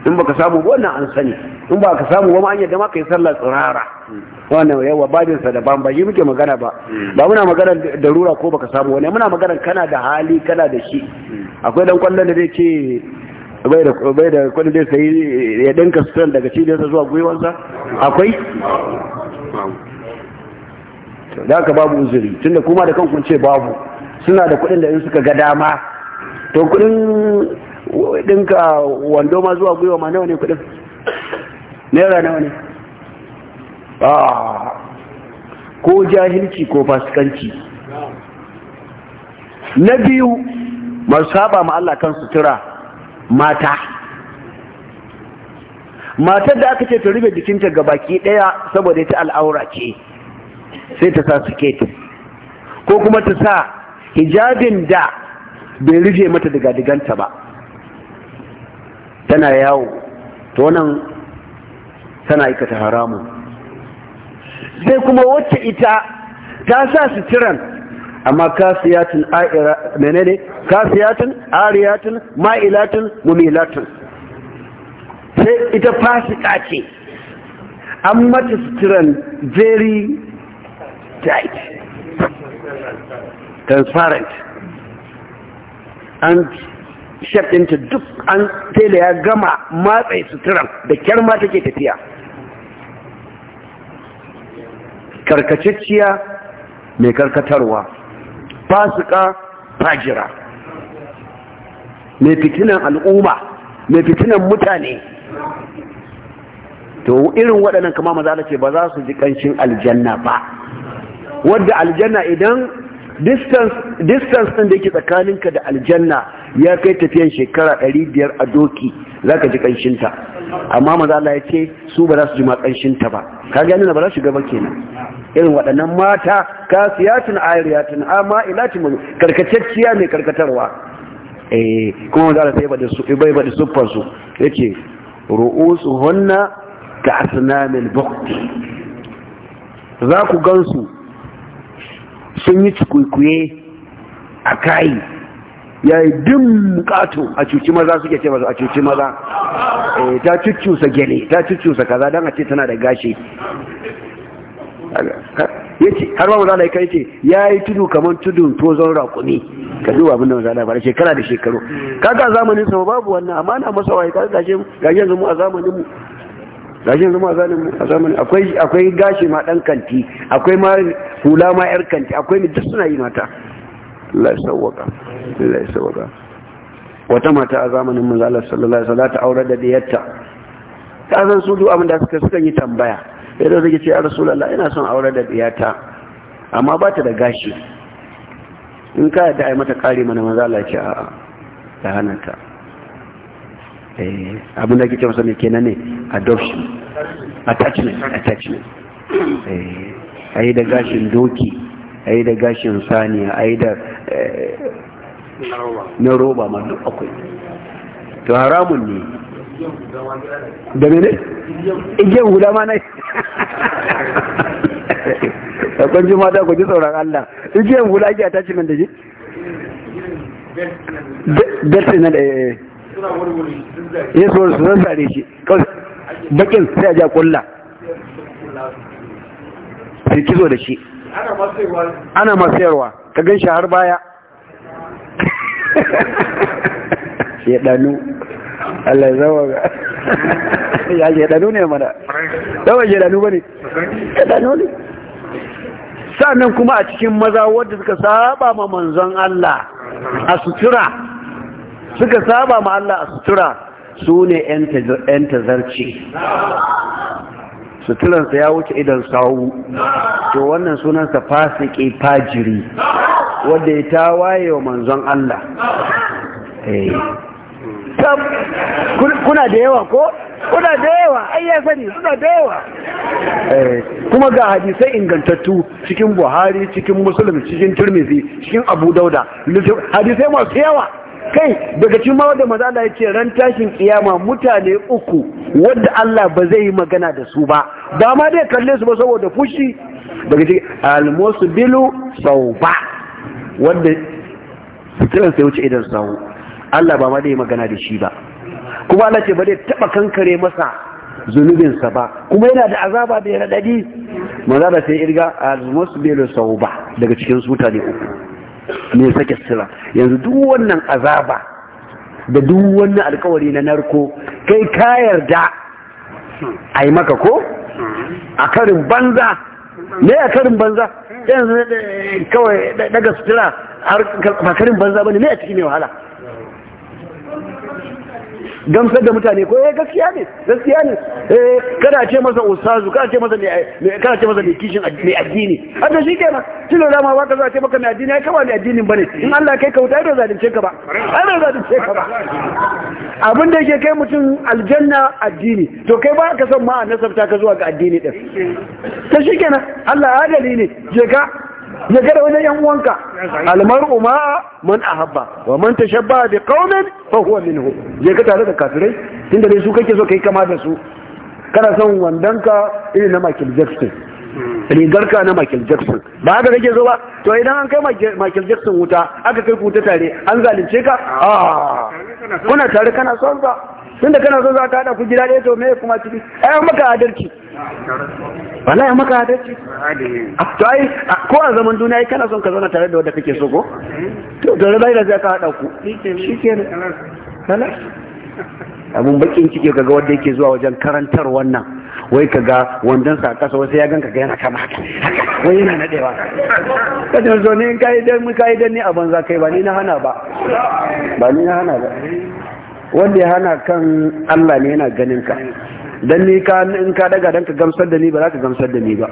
in baka samu ba wannan an sani in ba ka samu ba ma an yadda ma yi sallar tsirara wannan yawa babin sa ban ba yi muke magana ba ba muna magana da rura ko baka samu wani muna magana kana da hali kana da shi akwai dan kwallon da zai ce bai da bai da kwallon da sai ya dinka sutan daga sa zuwa gwiwansa akwai da haka babu uzuri tunda kuma da kanku ce babu suna da kuɗin da in suka ga dama to kuɗin ɗinka wando ma zuwa gwiwa ma nawa ne kudin naira nawa ne ah, ko jahilci ko fasikanci na biyu masu saba ma Allah kan sutura mata matar da aka ce ta rufe jikinta ga baki ɗaya saboda ta al'aura ce sai ta sa siket ko kuma ta sa hijabin da bai rufe mata daga diganta ba tana yawo to wannan tana aikata haramun sai kuma wacce ita ta sa suturan amma kasiyatun a'ira menene kasiyatun ariyatun ma'ilatun mumilatun sai ita fasika ce an mata suturan very tight transparent and shaf ɗinta duk an tela ya gama matsayi suturan da kyar ma take tafiya karkacicciya mai karkatarwa fasika fajira mai fitinan al'umma mai fitinan mutane to irin waɗannan kama maza ce ba za su ji ƙanshin aljanna ba wadda aljanna idan distance ɗin da yake tsakaninka da aljanna ya kai tafiyan shekara 500 a doki zaka ji kanshinta amma maza Allah ya ce su ba za su ji ma kanshinta ba ka gani na ba za su gaba kenan irin waɗannan mata kasiyatun ayriyatin amma ilatin karkatacciya mai karkatarwa eh kuma maza Allah sai ba da su bai ba da suffar su yace ru'usuhunna ka asnamil bukti za ku gansu sun yi cikuikuye a kayi ya yi din kato a cuci maza suke ce masu a cuci maza eh, ta cuccusa gele ta cuccusa kaza don a ce tana da gashi har ba mazala kai ce ya yi tudu kamar tudun tozon rakumi ka duba abin da mazala fara shekara da shekaru kaga zamanin sa babu wannan amma na masa waye kaga gashi gashi yanzu mu a zamanin mu zama a zamanin akwai gashi ma dan kanti akwai ma hula ma yar kanti akwai ni duk suna yi mata sauwaka wata mata a zamanin mazalar sallallahu alaihi ta aure da diyarta ta zan su duk abin da suka suka yi tambaya sai da zai ce a rasulallah ina son aure da diyata amma ba ta da gashi in ka yadda aimata mata mana mazalar ya ce a ta hana ta eh, abin da kike masa ne kenan ne adoption attachment attachment eh, a yi da gashin doki a yi da gashin saniya a yi da eh, na roba ma duk akwai to haramun ne da mene? igiyan guda ma na yi ji mata ta kwaji tsoron Allah igiyan guda ake a tashi nan da ji? Bertin na da ya yi tsoron su zan sare shi bakin sai a ja kulla sai kizo da shi ana masayarwa ka gan shi har baya ya ɗanu Allah zawa ga ya ya ɗanu ne mana zama ya ɗanu ba ne ya ɗanu ne sannan kuma a cikin maza wadda suka saba ma manzon Allah a sutura suka saba ma Allah a sutura su ne 'yan tazarci suturansa ya wuce idan sawu to wannan sunansa fasiki fajiri wanda ya ta waye wa manzon Allah eh. kuna da yawa ko kuna da yawa ai ya sani suna da yawa eh, kuma ga hadisai ingantattu cikin buhari cikin musulmi cikin turmizi cikin abu dauda hadisai masu yawa kai daga cikin mawa da mazala ya ce ran tashin kiyama mutane uku wadda Allah ba zai yi magana da su ba ba ma dai kalle su ba saboda fushi daga cikin sau sauba wanda fitilan sai wuce idan sau Allah ba ma dai magana da shi ba kuma Allah ce ba dai taba kankare masa zunubinsa ba kuma yana da azaba da ya radadi maza da sai irga sau ba daga cikin su mutane uku mai sake sila yanzu duk wannan azaba da duk wannan alkawari na narko kai ka yarda a yi maka ko a karin banza ne a karin banza yanzu eh, kawai daga sutura ba karin banza ba ne ne a cikin wahala gamsar da mutane ko ya eh, gaskiya ne gaskiya ne eh kada ce masa ustazu kada ce masa mai kada ce masa mai kishin mai addini har da shikenan tilo da ma ba ka za ce maka mai addini ai kawai mai addinin bane in Allah kai kauta da zalunce ka ba ai da zalunce ka ba abin da yake kai mutum aljanna addini to kai ba ka san ma nasabta ka zuwa ga addini din to kenan Allah adali ne je ka ya gada wajen yan uwanka almar'u ma man ahabba wa man tashabba bi qaumin fa huwa minhu ya gada da kafirai tunda dai su kake so kai kama da su kana son wandanka irin na Michael Jackson rigarka na Michael Jackson ba haka kake so ba to idan an kai Michael Jackson wuta aka kai ku wuta tare an zalunce ka a ah. kuna tare kana son ba tun da kana so za ka hada ku gida ɗaya to me kuma ciki ai maka adalci wallahi maka adalci to ai ko a zaman duniya kana son ka zauna tare da wanda kake so ko to da rai da za ka hada ku shikenan kana abun bakin ciki kaga wanda yake zuwa wajen karantar wannan wai kaga wandon sa kasa wasu ya ganka ga yana kama haka wai yana nadewa ka zo ne kai dan mu kai dan ne a banza kai ba ni na hana ba ba ni na hana ba wanda ya hana kan Allah ne yana ganin ka dan ni ka in ka daga dan ka gamsar da ni ba za ka gamsar da ni ba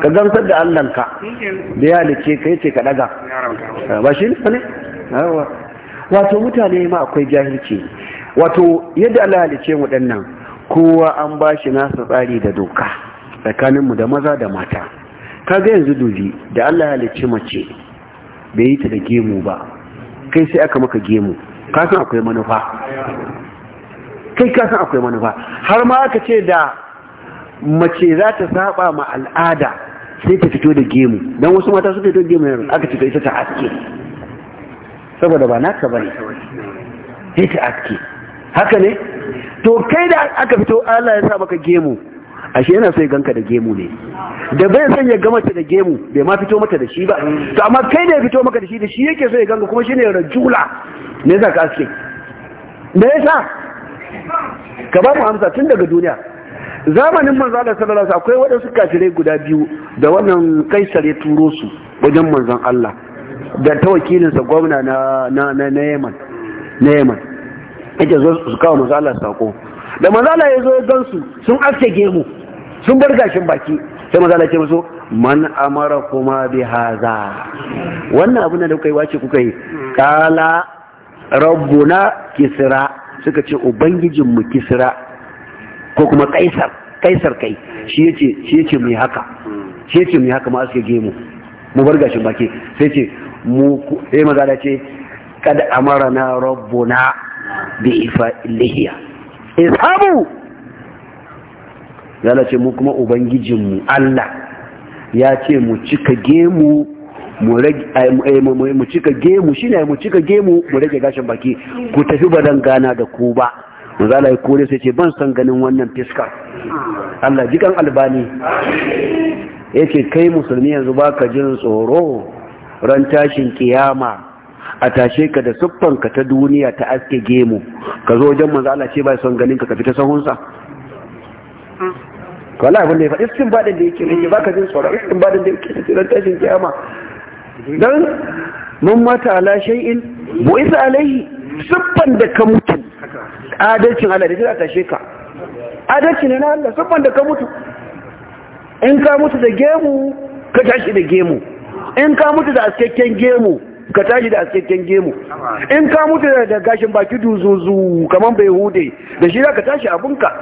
ka gamsar da Allah ka da ya lice ka yace ka daga ba shi ne wato mutane ma akwai jahilci wato yadda Allah ya mu dannan kowa an ba shi nasa tsari da doka tsakaninmu da maza da mata kaga yanzu dubi da Allah ya halice mace bai yi ta da gemu ba kai sai aka maka gemu Kasan akwai manufa kai kasan akwai manufa har ma aka ce da mace za ta saba ma al'ada sai ta fito da gemu don wasu mata suka fito gemu yanzu aka ce ita ta aske saboda ba naka bane sai ta aske haka ne to kai da aka fito Allah ya sa maka gemu ashe yana sai ya ganka da gemu ne da bai son ya gama ta da gemu bai ma fito mata da shi ba to amma kai ne ya fito maka da shi da shi yake so ya ganga kuma shine rajula ne za ka aske me yasa ka ba mu amsa tun daga duniya zamanin manzo Allah sallallahu alaihi wasallam akwai waɗansu kafirai guda biyu da wannan kaisar ya turo su wajen manzon Allah da ta wakilinsa gwamna na na na Yemen na Yemen yake zo su kawo manzo Allah sako da manzo Allah ya zo ya gansu sun aske gemu sun bar gashin baki sai maza lafiya ce man amara kuma bi haza wannan abin da kuka yi wace kuka yi kala rabbuna kisra suka ce ubangijinmu kisra ko kuma kaisar kaisar kai shi yace shi yace mai haka shi yace mai haka ma suke gemu mu bar gashin baki sai ce mu sai maza Allah ce kad na rabbuna bi ifa lihiya ishabu yana ce mu kuma ubangijinmu Allah ya ce mu cika gemu mu cika gemu shine mu cika gemu mu rage gashin baki ku tafi ba dan gana da ku ba manzala ya kore sai ce ban san ganin wannan fiska Allah jikan albani yace kai musulmi yanzu baka jin tsoro ran tashin kiyama a tashe ka da siffanka ta duniya ta aske gemu ka zo wajen Allah ce ba son ganin ka ka fita sahunsa wala abin da ya faɗi cikin baɗin da yake ba ka jin tsoron cikin baɗin da yake nake tashin kyama don mun mata ala in, mu isa alaihi siffan da ka mutu adalcin Allah da shi za sheka adalcin ne na Allah siffan da ka mutu in ka mutu da gemu ka tashi da gemu in ka mutu da askakken gemu ka tashi da askakken gemu in ka mutu da gashin baki duzuzu kamar bai hude da shi za ka tashi abinka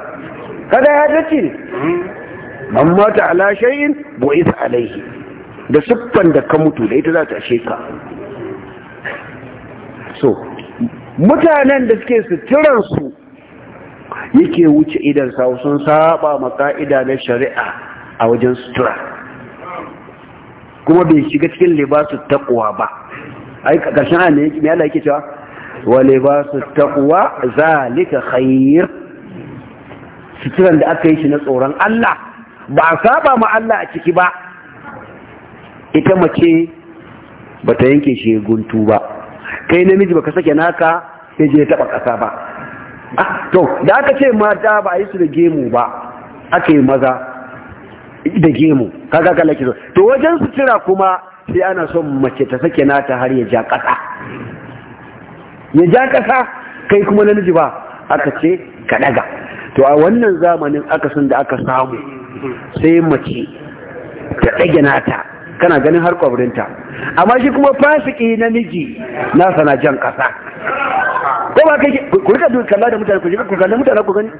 kada ya dace man mata ala shay'in bu'is alaihi da siffan da ka mutu da ita za ta sheka so mutanen da suke suturan su yake wuce idan sau sun saba ka'ida na shari'a a wajen sutura kuma bai shiga cikin libasu taqwa ba ai ƙarshen ayan me Allah yake cewa wa libasu taqwa zalika khair suturan da aka yi shi na tsoron Allah ba a saba ma Allah a ciki ba ita mace ba ta yanke shi guntu ba kai namiji ba ka sake naka sai je taɓa ƙasa ba ah, to da aka ce mata ba a yi su da gemu ba aka yi maza da gemu kaga kala ki to wajen sutura kuma sai ana son mace ta sake nata har ya ja ƙasa ya ja ƙasa kai kuma namiji ba aka ce ka ɗaga to a wannan zamanin akasin da aka samu sai mace ta ɗage nata kana ganin har kwabirinta amma shi kuma fasiki namiji nasa na jan ƙasa kowa kai ku rika duk kalla da mutane ku ji ku kalla mutane ku gani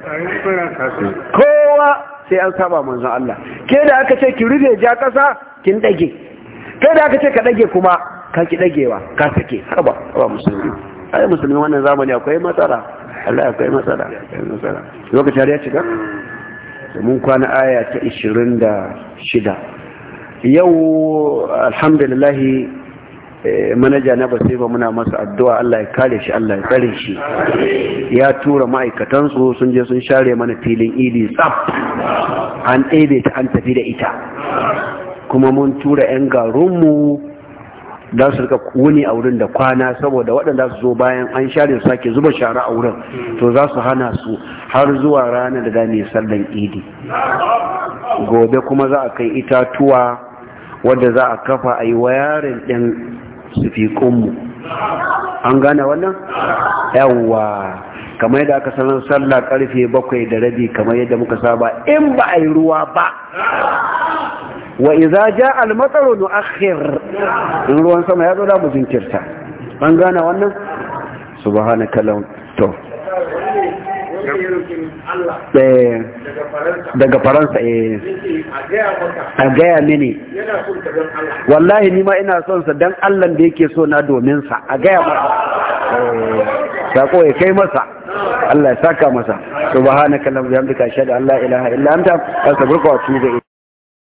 kowa sai an saba manzon Allah ke da aka ce ki rufe ja ƙasa kin ɗage kai da aka ce ka ɗage kuma ka ki ɗagewa ka sake haba haba musulmi ai musulmi wannan zamani akwai matsala Allah akwai matsala lokacin har ya cika mun kwana aya ta 26 yau alhamdulillah eh, manaja na ba muna masa addu'a Allah ya kare shi Allah ya tsare shi ya tura ma'aikatansu sun je sun share mana filin idi tsaf an ɗebe ta an tafi da ita kuma mun tura 'yan garunmu za su rika wuni a wurin da kwana saboda waɗanda su zo bayan an share su sake zuba shara a wurin to za su hana su har zuwa ranar da za sallan idi gobe kuma za a kai itatuwa wadda za a kafa a yi wayarin ɗin sufiƙunmu an gane wannan yawwa kamar yadda aka sanar sallah karfe bakwai da rabi kamar yadda muka saba in ba a yi ruwa ba wa iza ja almataru akhir in ruwan sama ya zo da mu jinkirta an gana wannan subhanaka law to Eh, daga faransa eh a gaya mini wallahi ni ma ina son sa dan Allah da yake so na domin sa a gaya masa eh, sako ya kai masa Allah ya saka masa subhanaka allahumma bihamdika ashhadu an la ilaha illa anta astaghfiruka wa atubu ilayk